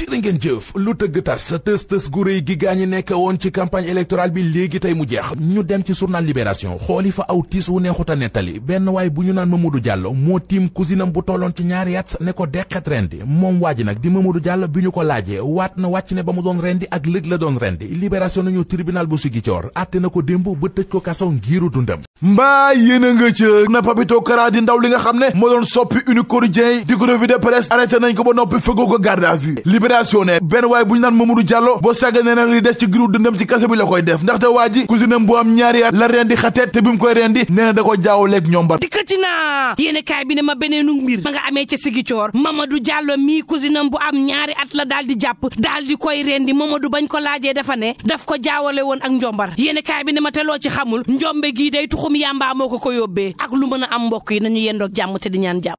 jërë ngeen jëf lu tëgg tas tës tës gu rëy gi gaañi nekk woon ci campagne électorale bi léegi tey mu jeex ñu dem ci journal libération xooli fa aw tiis wu neexut a nettali benn waay bu ñu naan Mamadou Diallo moo tiim cousinam bu tolloon ci ñaari at ne ko deqet rendi moom waa ji nag di Mamadou Diallo bi ñu ko laajee waat na wàcc ne ba mu doon rendi ak lëg la doon rendi libération nañu tribunal bu Ziguinchor àtte na ko démb ba tëj ko kaso ngiiru dundam mbaa yéen a nga na Papito Kara ndaw li nga xam ne moo doon soppi Unique Quotidien di ko revue de presse arrêté nañ ko ba noppi fëggoo ko garde à vue libération ne benn waaye bu ñu naan Mamadou Diallo boo sàgganee nag li des ci giru dëndam ci kase la koy def ndaxte waa ji bu am ñaari at la reen di xateet te di nee na da ko ba dikkati naa yéen kaay bi ne ma jàpp daal koy reen di Mamadou bañ ko laajee dafa ne daf ko jaawale woon ak njombar yéen kaay bi ne ma teloo ci xamul njombe gii day tuxu mbokkum yàmbaa moo ko ko yóbbee ak lu mën a am mbokk yi nañu yendoog jàmm te di ñaan jàmm